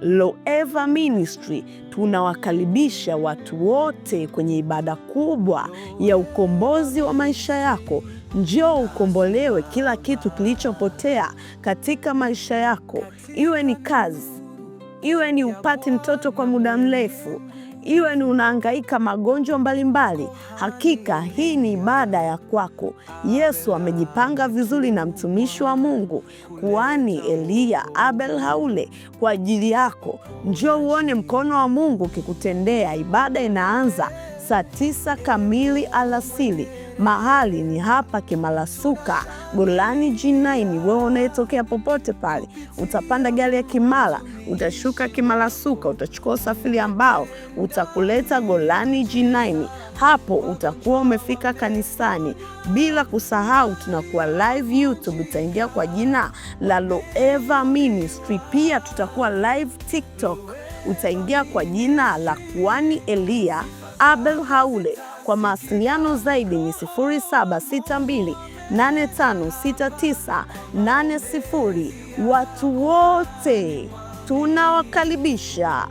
Loeva Ministry tunawakaribisha watu wote kwenye ibada kubwa ya ukombozi wa maisha yako. Njoo ukombolewe kila kitu kilichopotea katika maisha yako, iwe ni kazi, iwe ni upate mtoto kwa muda mrefu iwe ni unahangaika magonjwa mbalimbali mbali. Hakika hii ni ibada ya kwako. Yesu amejipanga vizuri na mtumishi wa Mungu kuhani Eliya Abel Haule kwa ajili yako. Njoo uone mkono wa Mungu ukikutendea. Ibada inaanza saa tisa kamili alasiri. Mahali ni hapa Kimalasuka, Golani G9. Wewe unayetokea popote pale, utapanda gari ya kimala utashuka Kimalasuka, utachukua usafiri ambao utakuleta Golani G9. Hapo utakuwa umefika kanisani, bila kusahau tunakuwa live YouTube, utaingia kwa jina la Loeva Ministry. Pia tutakuwa live TikTok, utaingia kwa jina la Kuani Elia Abel Haule. Kwa mawasiliano zaidi ni 0762 8569 Watu wote tunawakaribisha.